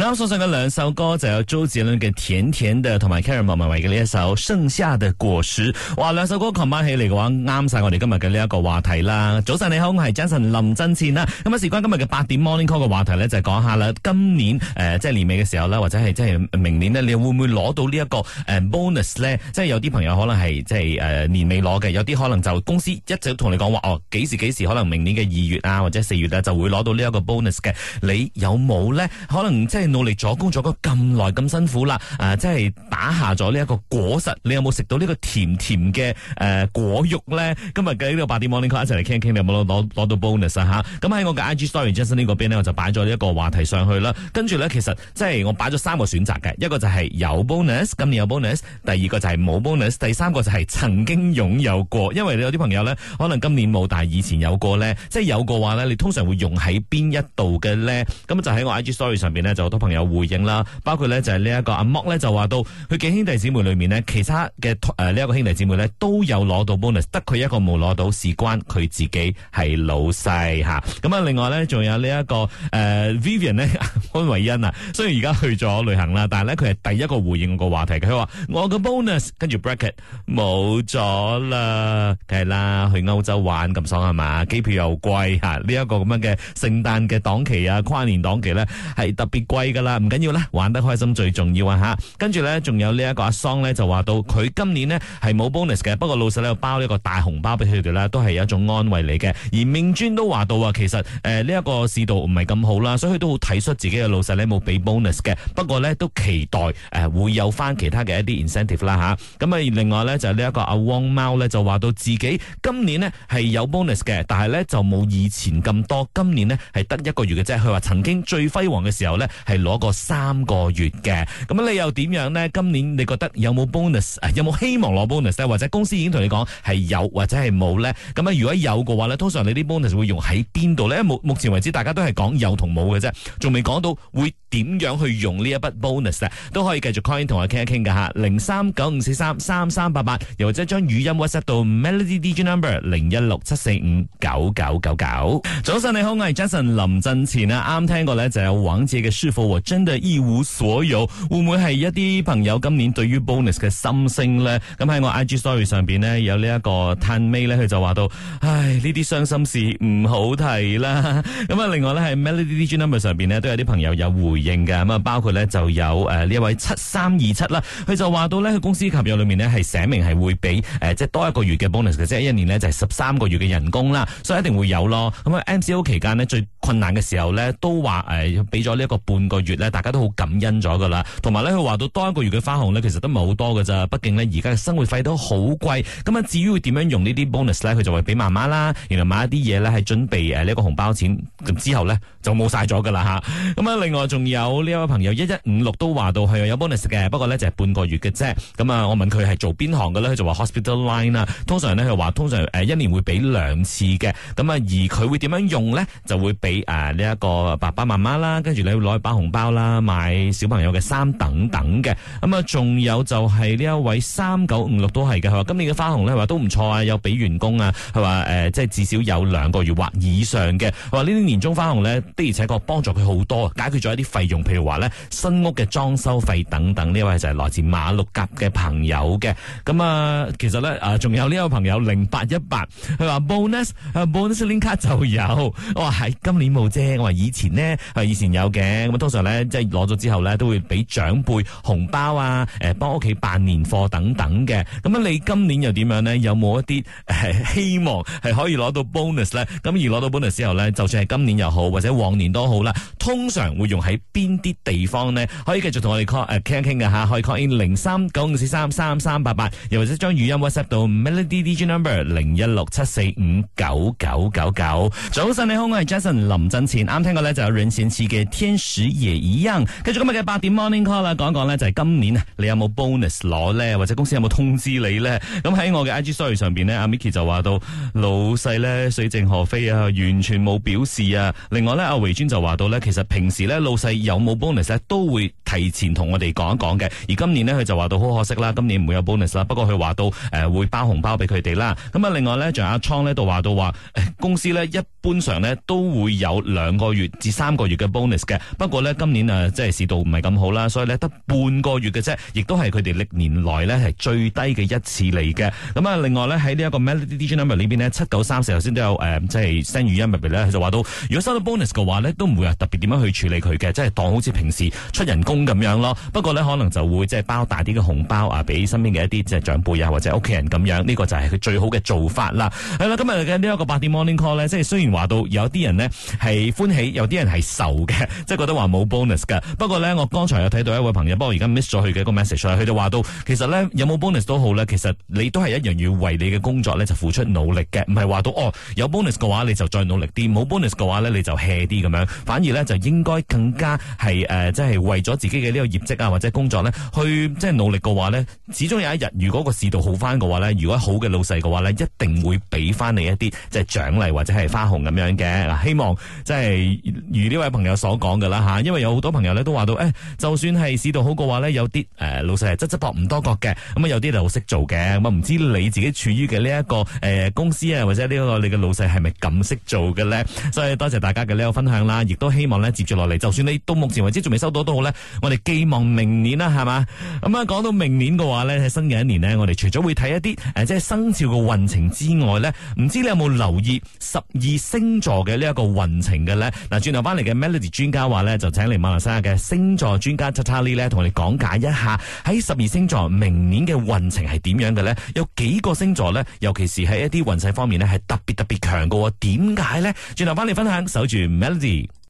啱送上嘅兩首歌就有周杰倫嘅甜甜的同埋 Karen 莫文蔚嘅呢一首盛夏的果實，哇！兩首歌 combine 起嚟嘅話啱晒我哋今日嘅呢一個話題啦。早晨你好，我係 Jason 林真前啦。咁、嗯、啊，事關今日嘅八點 morning call 嘅話題呢，就講下啦。今年誒，即、呃、係、就是、年尾嘅時候呢，或者係即係明年呢，你會唔會攞到呢、這、一個誒、呃、bonus 呢？即、就、係、是、有啲朋友可能係即係誒年尾攞嘅，有啲可能就公司一直同你講話哦，幾時幾時可能明年嘅二月啊或者四月啊就會攞到呢一個 bonus 嘅，你有冇呢？可能即係。努力咗工作咗咁耐咁辛苦啦，誒、啊，即係打下咗呢一個果實，你有冇食到呢個甜甜嘅誒、呃、果肉咧？今日嘅呢個八點 morning call 一齊嚟，傾一傾，你有冇攞攞到 bonus 吓、啊？咁、啊、喺我嘅 IG story Justin 呢邊我就擺咗呢一個話題上去啦。跟住咧，其實即係我擺咗三個選擇嘅，一個就係有 bonus，今年有 bonus；第二個就係冇 bonus；第三個就係曾經擁有過。因為你有啲朋友咧，可能今年冇，但係以前有過咧。即係有個話咧，你通常會用喺邊一度嘅咧？咁就喺我 IG story 上邊咧，就。朋友回應啦，包括咧就係呢一個阿 Mark 咧就話到佢幾兄弟姊妹裏面呢，其他嘅誒呢一個兄弟姊妹咧都有攞到 bonus，得佢一個冇攞到，事關佢自己係老細吓。咁啊，另外咧仲有、這個呃、呢一個誒 Vivian 咧，潘偉恩啊，雖然而家去咗旅行啦，但係咧佢係第一個回應我個話題嘅。佢話我個 bonus 跟住 Bracket 冇咗啦，梗係啦去歐洲玩咁爽係嘛，機票又貴吓，呢、啊、一、這個咁樣嘅聖誕嘅檔期啊，跨年檔期咧係特別貴。唔緊要啦，玩得開心最重要啊吓！跟住呢，仲有呢一個阿桑呢，就話到佢今年呢係冇 bonus 嘅，不過老細呢包一個大紅包俾佢哋啦，都係一種安慰嚟嘅。而命尊都話到啊，其實誒呢一個市道唔係咁好啦，所以佢都好睇出自己嘅老細呢冇俾 bonus 嘅，不過呢，都期待誒、呃、會有翻其他嘅一啲 incentive 啦吓。咁啊另外呢，就呢、是、一個阿汪貓呢，就話到自己今年呢係有 bonus 嘅，但係呢就冇以前咁多，今年呢係得一個月嘅啫。佢話曾經最輝煌嘅時候呢。係。攞個三個月嘅，咁你又點樣呢？今年你覺得有冇 bonus？有冇 bon、呃、希望攞 bonus？或者公司已經同你講係有，或者係冇呢？咁如果有嘅話呢，通常你啲 bonus 會用喺邊度呢？目目前為止大家都係講有同冇嘅啫，仲未講到會點樣去用一筆、bon、呢一筆 bonus 都可以繼續 call in 同我傾一傾㗎嚇，零三九五四三三三八八，又或者將語音 whatsapp 到 melody DJ number 零一六七四五九九九九。早晨你好，我係 Jason。臨陣前啊，啱聽過呢就有網者嘅舒傅。真係一無所有，會唔會係一啲朋友今年對於 bonus 嘅心聲咧？咁喺我 IG story 上邊咧，有呢一個 Tan May 咧，佢就話到，唉，呢啲傷心事唔好提啦。咁啊，另外咧係 Melody 嘅 number 上邊咧都有啲朋友有回應嘅，咁啊包括咧就有誒呢一位七三二七啦，佢就話到咧，佢公司合約裏面咧係寫明係會俾誒即係多一個月嘅 bonus 嘅，即係一年咧就係十三個月嘅人工啦，所以一定會有咯。咁啊 MCO 期間咧最困難嘅時候咧都話誒要俾咗呢一個半個個月咧，大家都好感恩咗噶啦，同埋咧佢話到多一個月嘅花紅咧，其實都唔係好多噶咋，畢竟呢，而家嘅生活費都好貴。咁啊，至於會點樣用呢啲 bonus 咧，佢就會俾媽媽啦，原來買一啲嘢咧，係準備誒呢一個紅包錢。咁之後咧就冇晒咗噶啦吓。咁啊，另外仲有呢一位朋友一一五六都話到係有 bonus 嘅，不過咧就係半個月嘅啫。咁啊，我問佢係做邊行嘅咧，佢就話 hospital line 啦。通常咧佢話通常誒一年會俾兩次嘅。咁啊，而佢會點樣用咧，就會俾誒呢一個爸爸媽媽啦，跟住你會攞一包紅包啦，買小朋友嘅衫等等嘅，咁啊，仲有就係呢一位三九五六都係嘅，佢話今年嘅花紅咧，話都唔錯啊，有俾員工啊，佢話誒，即係至少有兩個月或以上嘅。我話呢啲年終花紅咧，的而且確幫助佢好多，解決咗一啲費用，譬如話咧新屋嘅裝修費等等。呢位就係來自馬六甲嘅朋友嘅。咁啊，其實咧啊，仲有呢位朋友零八一八，佢話 bonus，bonus link 卡就有。我話係今年冇啫，我話以前呢，係以前有嘅，咁通常咧，即係攞咗之後咧，都會俾長輩紅包啊，誒、呃，幫屋企辦年貨等等嘅。咁樣你今年又點樣呢？有冇一啲、呃、希望係可以攞到 bonus 咧？咁而攞到 bonus 之後咧，就算係今年又好，或者往年都好啦，通常會用喺邊啲地方呢？可以繼續同我哋 call 誒傾傾嘅嚇，可以 call in 零三九五四三三三八八，8，又或者將語音 WhatsApp 到 Melody D G Number 零一六七四五九九九九。早晨你好，我係 Jason 林振前。啱聽過咧，就有軟線似嘅天使。爺已繼續今日嘅八點 morning call 啦，講一講咧就係今年啊，你有冇 bonus 攞咧？或者公司有冇通知你咧？咁喺我嘅 IG story 上邊咧，阿 Micky 就話到老細咧水靜河飛啊，完全冇表示啊。另外咧，阿維專就話到咧，其實平時咧老細有冇 bonus 咧，都會提前同我哋講一講嘅。而今年咧，佢就話到好可惜啦，今年唔會有 bonus 啦。不過佢話到誒、呃、會包紅包俾佢哋啦。咁啊，另外咧，仲有阿倉咧，就話到話、欸，公司咧一般上咧都會有兩個月至三個月嘅 bonus 嘅，不過咧。今年啊，即係市道唔係咁好啦，所以咧得半個月嘅啫，亦都係佢哋歷年來咧係最低嘅一次嚟嘅。咁啊，另外咧喺呢一個 Melody DJ 今日呢邊七九三四頭先都有誒、呃，即係 send 語音入嚟呢，佢就話到，如果收到 bonus 嘅話呢，都唔會特別點樣去處理佢嘅，即係當好似平時出人工咁樣咯。不過呢，可能就會即係包大啲嘅紅包啊，俾身邊嘅一啲即係長輩啊，或者屋企人咁樣，呢、這個就係佢最好嘅做法啦。係啦，今日嘅呢一個八點 Morning Call 呢，即係雖然話到有啲人呢係歡喜，有啲人係愁嘅，即係覺得話冇 bonus 噶，不過咧，我剛才有睇到一位朋友，不過而家 miss 咗佢嘅一個 message，佢就話到，其實咧有冇 bonus 都好咧，其實你都係一樣要為你嘅工作咧就付出努力嘅，唔係話到哦有 bonus 嘅話你就再努力啲，冇 bonus 嘅話咧你就 hea 啲咁樣，反而咧就應該更加係誒，即係為咗自己嘅呢個業績啊或者工作咧去即係努力嘅話咧，始終有一日如果個市道好翻嘅話咧，如果好嘅老細嘅話咧，一定會俾翻你一啲即係獎勵或者係花紅咁樣嘅，希望即係如呢位朋友所講嘅啦吓。因為有好多朋友咧都話到，誒、哎，就算係市道好嘅話咧，有啲誒、呃、老細係執執搏唔多角嘅，咁啊有啲就好識做嘅，咁啊唔知你自己處於嘅呢一個誒、呃、公司啊或者、這個、是是呢一個你嘅老細係咪咁識做嘅咧？所以多謝大家嘅呢個分享啦，亦都希望咧接住落嚟，就算你到目前為止仲未收到都好咧，我哋寄望明年啦，係嘛？咁、嗯、啊講到明年嘅話咧，喺新嘅一年呢，我哋除咗會睇一啲誒、呃、即係生肖嘅運程之外咧，唔知你有冇留意十二星座嘅呢一個運程嘅咧？嗱，轉頭翻嚟嘅 Melody 專家話咧就。請嚟馬來西亞嘅星座專家 Tatali 咧，同我哋講解一下喺十二星座明年嘅運程係點樣嘅咧？有幾個星座咧，尤其是喺一啲運勢方面咧，係特別特別強嘅。點解咧？轉頭翻嚟分享，守住 Melody。